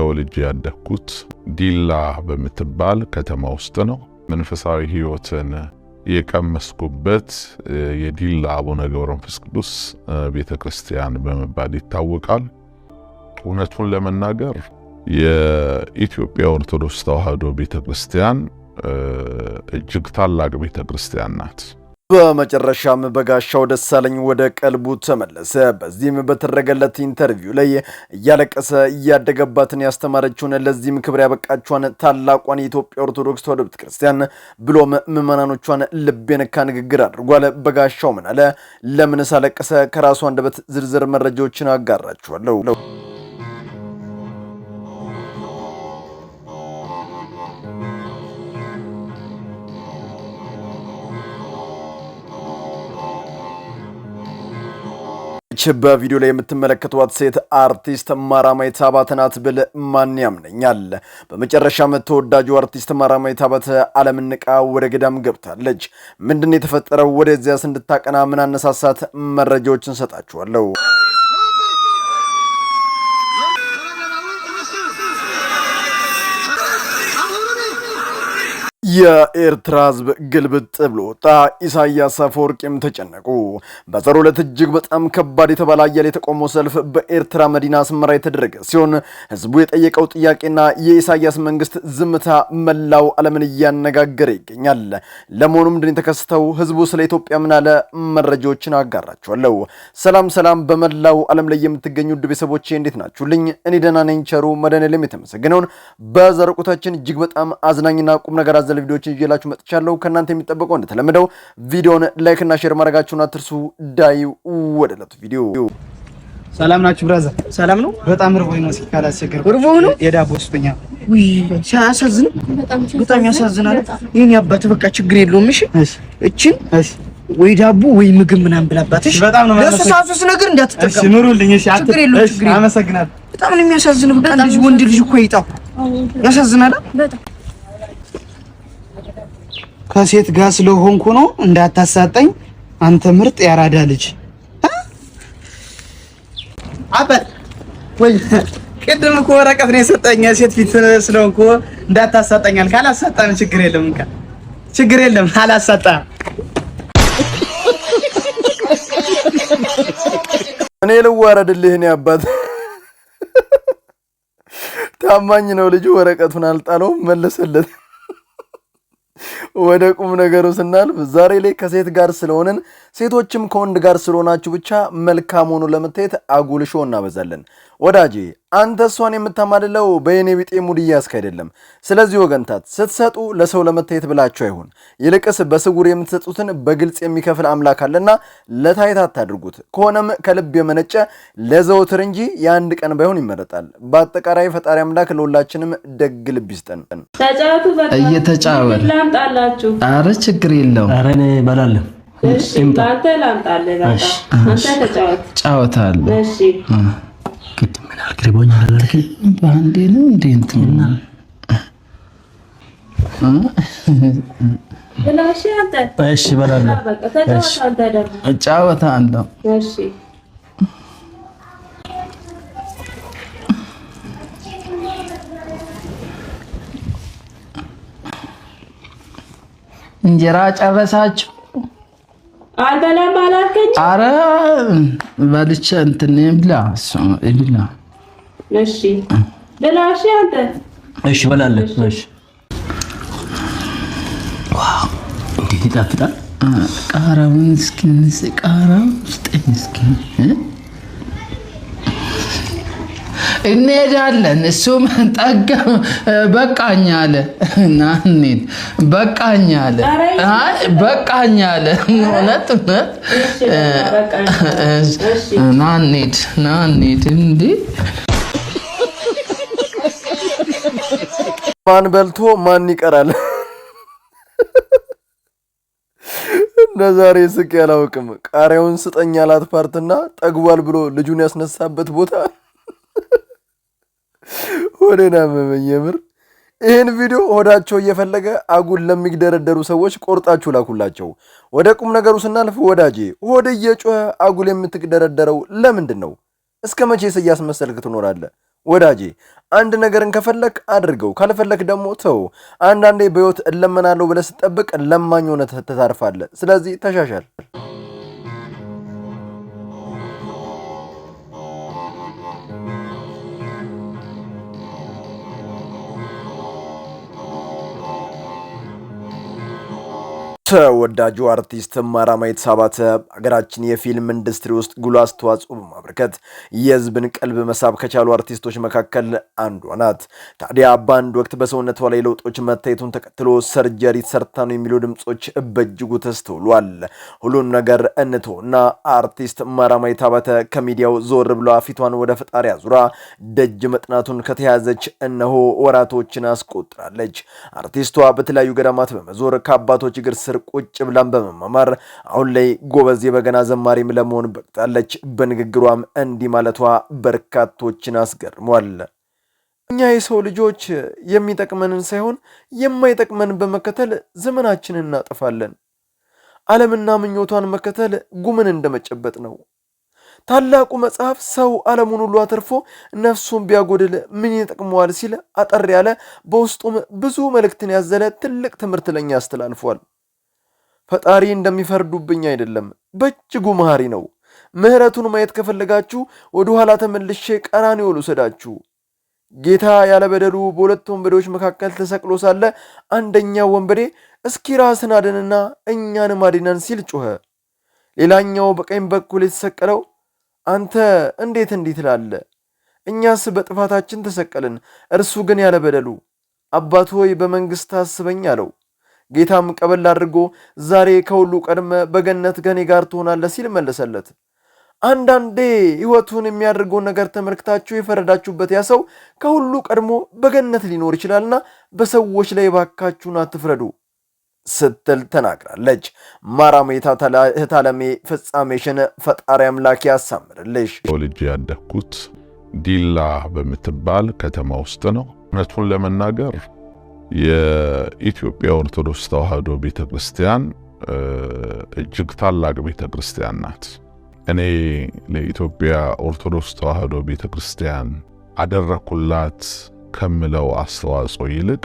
ተወልጄ ያደግኩት ዲላ በምትባል ከተማ ውስጥ ነው። መንፈሳዊ ሕይወትን የቀመስኩበት የዲላ አቡነ ገብረ መንፈስ ቅዱስ ቤተ ክርስቲያን በመባል ይታወቃል። እውነቱን ለመናገር የኢትዮጵያ ኦርቶዶክስ ተዋሕዶ ቤተ ክርስቲያን እጅግ ታላቅ ቤተ ክርስቲያን ናት። በመጨረሻም በጋሻው ደሳለኝ ወደ ቀልቡ ተመለሰ። በዚህም በተደረገለት ኢንተርቪው ላይ እያለቀሰ እያደገባትን ያስተማረችውን ለዚህም ክብር ያበቃቿን ታላቋን የኢትዮጵያ ኦርቶዶክስ ተዋሕዶ ቤተክርስቲያን ብሎም ምዕመናኖቿን ልብ የነካ ንግግር አድርጓል። በጋሻው ምን አለ? ለምንስ አለቀሰ? ከራሱ አንደበት ዝርዝር መረጃዎችን አጋራችኋለሁ። ይች በቪዲዮ ላይ የምትመለከቷት ሴት አርቲስት ማራማዊት አባተ ናት ብል ማን ያምነኛል? በመጨረሻም ተወዳጁ አርቲስት ማራማዊት አባተ ዓለምን ንቃ ወደ ገዳም ገብታለች። ምንድን የተፈጠረው? ወደዚያስ እንድታቀና ምን አነሳሳት? መረጃዎችን ሰጣችኋለሁ። የኤርትራ ህዝብ ግልብጥ ብሎ ወጣ። ኢሳያስ አፈወርቂም ተጨነቁ። በዘሮ ዕለት እጅግ በጣም ከባድ የተባለ አያል የተቃውሞ ሰልፍ በኤርትራ መዲና አስመራ የተደረገ ሲሆን ህዝቡ የጠየቀው ጥያቄና የኢሳያስ መንግስት ዝምታ መላው ዓለምን እያነጋገረ ይገኛል። ለመሆኑ ምንድን የተከሰተው? ህዝቡ ስለ ኢትዮጵያ ምን አለ? መረጃዎችን አጋራችኋለሁ። ሰላም ሰላም፣ በመላው ዓለም ላይ የምትገኙ ውድ ቤተሰቦቼ እንዴት ናችሁልኝ? እኔ ደህና ነኝ። ቸሩ መድኃኔዓለም የተመሰገነውን እጅግ በጣም አዝናኝና ቁም ነገር አዘል ቪዲዮዎችን ይዤላችሁ መጥቻለሁ። ከእናንተ የሚጠበቀው እንደተለመደው ቪዲዮን ላይክ እና ሼር ማድረጋችሁን አትርሱ። ዳይ ወደ ዕለቱ ቪዲዮ ሰላም ናችሁ ብራዘር? ሰላም ነው። በጣም እርቦኝ ነው። ሲካል አስቸገር እርቦ ነው። የዳቦ ስቶኛ ሲያሳዝን፣ በጣም ያሳዝናል። ይህን ያባት በቃ ችግር የለውም። እሺ እችን ወይ ዳቦ ወይ ምግብ ምናምን ብላባትሽ እሺ በጣም ነው ለሱ ነገር እንዳትጠቀም። እሺ ኑሩልኝ። እሺ ችግር የለውም። ችግር አመሰግናለሁ። በጣም ነው የሚያሳዝን። በቃ ልጅ ወንድ ልጅ እኮ ይጣው ያሳዝናል በጣም ከሴት ጋር ስለሆንኩ ነው እንዳታሳጠኝ። አንተ ምርጥ ያራዳ ልጅ አባት። ወይ ቅድም እኮ ወረቀት ነው የሰጠኝ ሴት ፊት ስለሆንኩ እንዳታሳጠኛል። ካላሳጣም ችግር የለም እንካ ችግር የለም አላሳጣም። እኔ ልዋረድልህ እኔ አባት ታማኝ ነው ልጁ። ወረቀቱን አልጣለውም መለሰለት። ወደ ቁም ነገሩ ስናልፍ ዛሬ ላይ ከሴት ጋር ስለሆንን ሴቶችም ከወንድ ጋር ስለሆናችሁ ብቻ መልካም ሆኖ ለመታየት አጉልሾ እናበዛለን። ወዳጄ አንተ እሷን የምታማልለው በየኔ ቢጤ ሙድ እያስክ አይደለም። ስለዚህ ወገንታት ስትሰጡ ለሰው ለመታየት ብላችሁ አይሁን፣ ይልቅስ በስጉር የምትሰጡትን በግልጽ የሚከፍል አምላክ አለና ለታይታ አታድርጉት። ከሆነም ከልብ የመነጨ ለዘውትር እንጂ የአንድ ቀን ባይሆን ይመረጣል። በአጠቃላይ ፈጣሪ አምላክ ለሁላችንም ደግ ልብ ይስጠን። እየተጫወት ላምጣላችሁ። አረ ችግር የለው። አረ እኔ እበላለሁ። ጫወታለሁ ግድ ምን አቅርቦኝ አላልክም? በአንዴ ነው እንዴ እንትና እሺ እበላለሁ። አለው እንጀራ ጨረሳችሁ? አረ በልቼ እንትን ይብላ ይብላ። እሺ ብላ። እሺ አንተ እሺ በላለሁ። እሺ ዋው እንዴት ይጣፍጣል! ቃራውን እስኪ ቃራውን ስጠኝ እስኪ እንሄዳለን። እሱም ጠጋ በቃኝ አለ እና እንሂድ በቃኝ አለ። አይ በቃኝ አለ። እውነት እውነት ና እንሂድ ና እንዲ ማን በልቶ ማን ይቀራል? ለዛሬ ስቄ አላውቅም። ቃሪያውን ስጠኝ አላት ፓርትና ጠግቧል ብሎ ልጁን ያስነሳበት ቦታ ሆዴን አመመኝ። የምር ይህን ቪዲዮ ሆዳቸው እየፈለገ አጉል ለሚደረደሩ ሰዎች ቆርጣችሁ ላኩላቸው። ወደ ቁም ነገሩ ስናልፍ ወዳጄ፣ ሆድ እየጮኸ አጉል የምትደረደረው ለምንድን ነው? እስከ መቼስ እያስመሰልክ ትኖራለህ? ወዳጄ አንድ ነገርን ከፈለክ አድርገው፣ ካልፈለክ ደግሞ ተው። አንዳንዴ በሕይወት እለመናለሁ ብለህ ስትጠብቅ ለማኝ ሆነህ ትታርፋለህ። ስለዚህ ተሻሻል። ተወዳጁ አርቲስት ማራማዊት ሳባተ አገራችን የፊልም ኢንዱስትሪ ውስጥ ጉልህ አስተዋጽኦ በማበርከት የህዝብን ቀልብ መሳብ ከቻሉ አርቲስቶች መካከል አንዷ ናት። ታዲያ በአንድ ወቅት በሰውነቷ ላይ ለውጦች መታየቱን ተከትሎ ሰርጀሪ ሰርታ ነው የሚሉ ድምፆች በእጅጉ ተስተውሏል። ሁሉን ነገር እንተውና አርቲስት ማራማዊት ሳባተ ከሚዲያው ዞር ብላ ፊቷን ወደ ፈጣሪ አዙራ ደጅ መጥናቱን ከተያዘች እነሆ ወራቶችን አስቆጥራለች። አርቲስቷ በተለያዩ ገዳማት በመዞር ከአባቶች እግር ስር ቁጭ ብላን በመማማር አሁን ላይ ጎበዝ የበገና ዘማሪም ለመሆን በቅታለች። በንግግሯም እንዲህ ማለቷ በርካቶችን አስገርሟል። እኛ የሰው ልጆች የሚጠቅመንን ሳይሆን የማይጠቅመን በመከተል ዘመናችንን እናጠፋለን። ዓለምና ምኞቷን መከተል ጉምን እንደመጨበጥ ነው። ታላቁ መጽሐፍ ሰው ዓለሙን ሁሉ አትርፎ ነፍሱን ቢያጎድል ምን ይጠቅመዋል ሲል አጠር ያለ በውስጡም ብዙ መልእክትን ያዘለ ትልቅ ትምህርት ለኛ አስተላልፏል። ፈጣሪ እንደሚፈርዱብኝ አይደለም፣ በእጅጉ መሐሪ ነው። ምሕረቱን ማየት ከፈለጋችሁ ወደ ኋላ ተመልሼ ቀራንዮ ልውሰዳችሁ። ጌታ ያለ በደሉ በሁለት ወንበዴዎች መካከል ተሰቅሎ ሳለ አንደኛው ወንበዴ እስኪ ራስን አድንና እኛንም አድነን ሲል ጮኸ። ሌላኛው በቀኝ በኩል የተሰቀለው አንተ እንዴት እንዲህ ትላለህ? እኛስ በጥፋታችን ተሰቀልን፣ እርሱ ግን ያለ በደሉ አባት ሆይ በመንግሥት አስበኝ አለው። ጌታም ቀበል አድርጎ ዛሬ ከሁሉ ቀድመ በገነት ከኔ ጋር ትሆናለህ ሲል መለሰለት። አንዳንዴ ሕይወቱን የሚያደርገውን ነገር ተመልክታችሁ የፈረዳችሁበት ያ ሰው ከሁሉ ቀድሞ በገነት ሊኖር ይችላልና በሰዎች ላይ ባካችሁን አትፍረዱ ስትል ተናግራለች። ማራሜታ ህታለሜ ፍጻሜሽን ፈጣሪ አምላክ ያሳምርልሽ። ልጅ ያደግኩት ዲላ በምትባል ከተማ ውስጥ ነው። እውነቱን ለመናገር የኢትዮጵያ ኦርቶዶክስ ተዋሕዶ ቤተ ክርስቲያን እጅግ ታላቅ ቤተ ክርስቲያን ናት። እኔ ለኢትዮጵያ ኦርቶዶክስ ተዋሕዶ ቤተ ክርስቲያን አደረኩላት ከምለው አስተዋጽኦ ይልቅ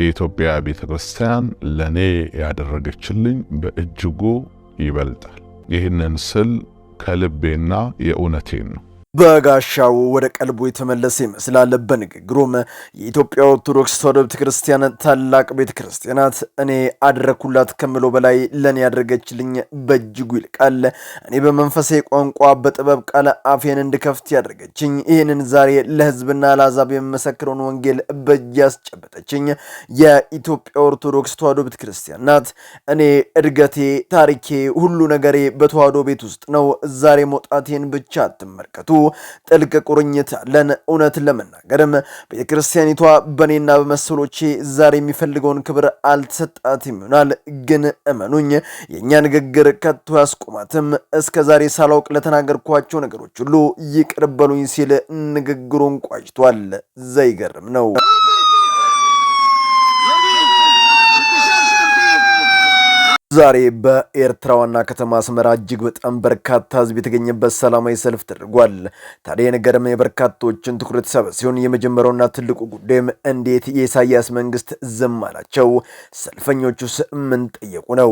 የኢትዮጵያ ቤተ ክርስቲያን ለእኔ ያደረገችልኝ በእጅጉ ይበልጣል። ይህንን ስል ከልቤና የእውነቴን ነው። በጋሻው ወደ ቀልቡ የተመለሰ ይመስላል። በንግግሩም የኢትዮጵያ ኦርቶዶክስ ተዋሕዶ ቤተክርስቲያን ታላቅ ቤተክርስቲያናት እኔ አድረኩላት ከምሎ በላይ ለእኔ ያደረገችልኝ በእጅጉ ይልቃል። እኔ በመንፈሴ ቋንቋ በጥበብ ቃል አፌን እንድከፍት ያደረገችኝ፣ ይህንን ዛሬ ለሕዝብና ለአሕዛብ የምመሰክረውን ወንጌል በእጅ ያስጨበጠችኝ የኢትዮጵያ ኦርቶዶክስ ተዋሕዶ ቤተክርስቲያን ናት። እኔ እድገቴ፣ ታሪኬ፣ ሁሉ ነገሬ በተዋሕዶ ቤት ውስጥ ነው። ዛሬ መውጣቴን ብቻ አትመልከቱ። ጥልቅ ቁርኝት አለን። እውነት ለመናገርም ቤተክርስቲያኒቷ በእኔና በመሰሎቼ ዛሬ የሚፈልገውን ክብር አልተሰጣትም ይሆናል። ግን እመኑኝ የእኛ ንግግር ከቶ ያስቆማትም። እስከ ዛሬ ሳላውቅ ለተናገርኳቸው ነገሮች ሁሉ ይቅር በሉኝ ሲል ንግግሩን ቋጭቷል። ዘይገርም ነው። ዛሬ በኤርትራ ዋና ከተማ አስመራ እጅግ በጣም በርካታ ህዝብ የተገኘበት ሰላማዊ ሰልፍ ተደርጓል። ታዲያ የነገርም የበርካቶችን ትኩረት ሰበ ሲሆን የመጀመሪያውና ትልቁ ጉዳይም እንዴት የኢሳያስ መንግስት ዝም አላቸው? ሰልፈኞቹስ ምን ጠየቁ ነው?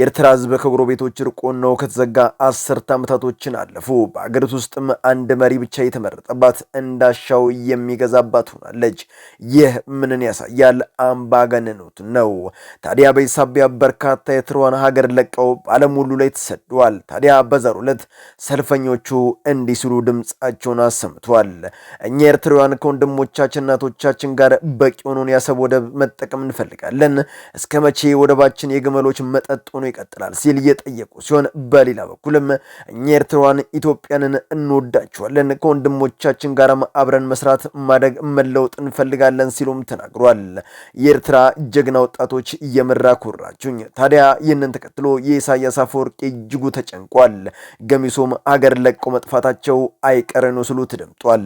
የኤርትራ ህዝብ ከጎረቤቶች ርቆ ነው ከተዘጋ አስርት ዓመታቶችን አለፉ። በአገሪቱ ውስጥም አንድ መሪ ብቻ የተመረጠባት እንዳሻው የሚገዛባት ሆናለች። ይህ ምንን ያሳያል? አምባገነኑት ነው። ታዲያ በኢሳቢያ በርካታ ኤርትራን ሀገር ለቀው ዓለም ሁሉ ላይ ተሰደዋል። ታዲያ በዛሬው ዕለት ሰልፈኞቹ እንዲህ ሲሉ ድምፃቸውን አሰምተዋል። እኛ ኤርትራውያን ከወንድሞቻችን እናቶቻችን ጋር በቂ ሆኖን የአሰብ ወደብ መጠቀም እንፈልጋለን። እስከ መቼ ወደባችን የግመሎች መጠጥ ሆኖ ይቀጥላል? ሲል እየጠየቁ ሲሆን በሌላ በኩልም እኛ ኤርትራውያን ኢትዮጵያንን እንወዳቸዋለን፣ ከወንድሞቻችን ጋርም አብረን መስራት፣ ማደግ፣ መለወጥ እንፈልጋለን ሲሉም ተናግሯል። የኤርትራ ጀግና ወጣቶች የምራ ኩራችሁኝ ታዲያ ይህንን ተከትሎ የኢሳያስ አፈወርቂ እጅጉ ተጨንቋል። ገሚሶም አገር ለቆ መጥፋታቸው አይቀሬ ነው ስሉ ተደምጧል።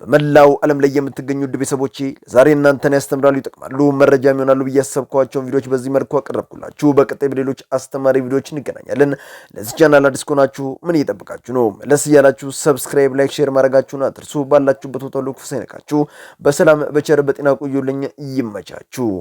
በመላው ዓለም ላይ የምትገኙ ውድ ቤተሰቦቼ ዛሬ እናንተን ያስተምራሉ፣ ይጠቅማሉ፣ መረጃ የሚሆናሉ ብዬ ያሰብኳቸውን ቪዲዮዎች በዚህ መልኩ አቀረብኩላችሁ። በቀጣይ በሌሎች አስተማሪ ቪዲዮዎች እንገናኛለን። ለዚህ ቻናል አዲስ ከሆናችሁ ምን እየጠበቃችሁ ነው? መለስ እያላችሁ ሰብስክራይብ፣ ላይክ፣ ሼር ማድረጋችሁን አትርሱ። ባላችሁበት ቦታ ሁሉ ክፉ ሳይነካችሁ በሰላም በቸር በጤና ቆዩልኝ። ይመቻችሁ።